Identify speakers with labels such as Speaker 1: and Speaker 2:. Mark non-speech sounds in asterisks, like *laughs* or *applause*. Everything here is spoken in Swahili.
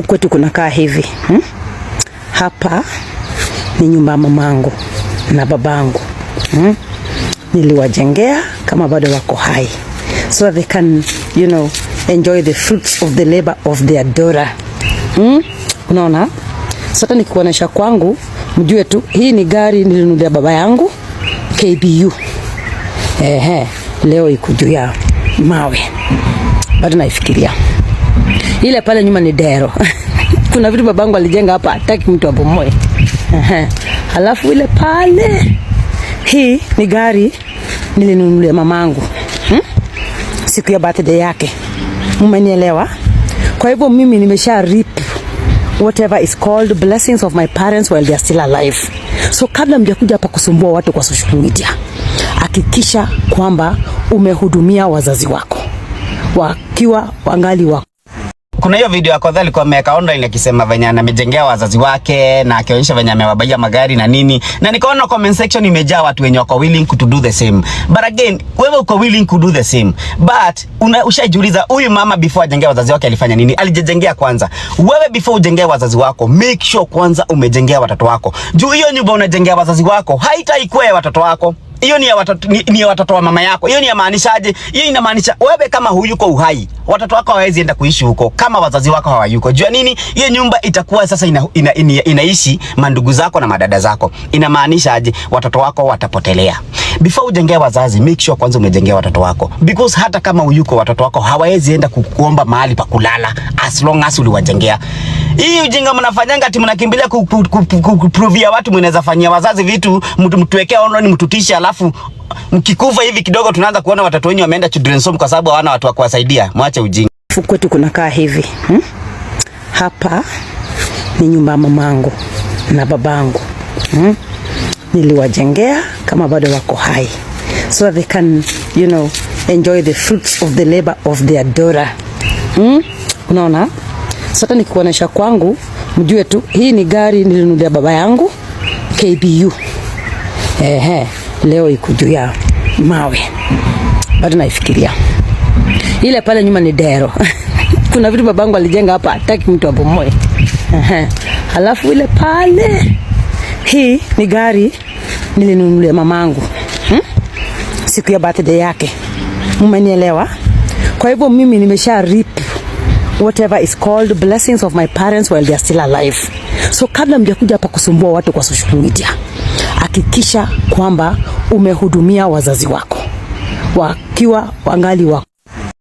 Speaker 1: Kwetu kunakaa hivi hmm? Hapa ni nyumba ya mamangu na babangu hmm? Niliwajengea kama bado wako hai so they can you know enjoy the fruits of the labor of their dora hmm? Unaona, sata nikikuonyesha kwangu, mjue tu hii ni gari nilinulia baba yangu KBU. Ehe, leo iko juu ya mawe, bado naifikiria. Ile pale nyuma ni dero. *laughs* Kuna vitu babangu alijenga hapa, hataki mtu abomoe. Halafu ile pale hii ni gari nilinunulia mamangu hmm? Siku ya birthday yake, mmenielewa? Kwa hivyo mimi nimesha rip whatever is called blessings of my parents while they are still alive. So kabla mjakuja hapa kusumbua watu kwa social media, hakikisha kwamba umehudumia wazazi wako wakiwa wangali wako
Speaker 2: kuna hiyo video ya Kodha alikuwa ameweka online akisema venye amejengea wazazi wake na akionyesha venye amewabaia magari na nini, na nikaona comment section imejaa watu wenye wako willing to do the same. But again, wewe uko willing to do the same but ushajiuliza huyu mama before ajengea wazazi wake alifanya nini? Alijijengea kwanza. Wewe before ujengea wazazi wako, make sure kwanza umejengea watoto wako, juu hiyo nyumba unajengea wazazi wako haitaikuwa ya watoto wako hiyo ni ya watoto, ni, ni ya watoto wa mama yako. Hiyo ni ya maanishaje? Hiyo inamaanisha wewe kama huyuko uhai, watoto wako hawawezi enda kuishi huko kama wazazi wako hawayuko. Jua nini? Hiyo nyumba itakuwa sasa ina, ina, ina, inaishi mandugu zako na madada zako. Inamaanishaje? Watoto wako watapotelea. Before ujengea wazazi, make sure kwanza umejengea watoto wako, because hata kama huyuko, watoto wako hawawezi enda kukuomba mahali pa kulala as long as uliwajengea hii ujinga mnafanyanga ati mnakimbilia kuprovia watu mnaweza fanyia wazazi vitu, mtu mtuwekea online mtutisha, alafu mkikufa hivi kidogo tunaanza kuona watoto wenyu wameenda children home kwa sababu hawana watu wa kuwasaidia. Mwache ujinga.
Speaker 1: Kwetu kunakaa hivi hmm? Hapa ni nyumba ya mamangu na babangu hmm? Niliwajengea kama bado wako hai so they can you know enjoy the fruits of the labor of their daughter hmm? Unaona? Sasa nikuonesha kwangu, mjue tu hii ni gari nilinunulia baba yangu KBU. Ehe, leo iko juu ya mawe, bado naifikiria. Ile pale nyuma ni dero *laughs* kuna vitu babangu alijenga hapa, hataki mtu abomoe. Ehe, halafu ile pale, hii ni gari nilinunulia mamangu hmm? siku ya birthday yake, mmenielewa? Kwa hivyo mimi nimesha rip whatever is called blessings of my parents while they are still alive. So kabla mjakuja hapa kusumbua watu kwa social media, hakikisha kwamba umehudumia wazazi wako wakiwa wangali wako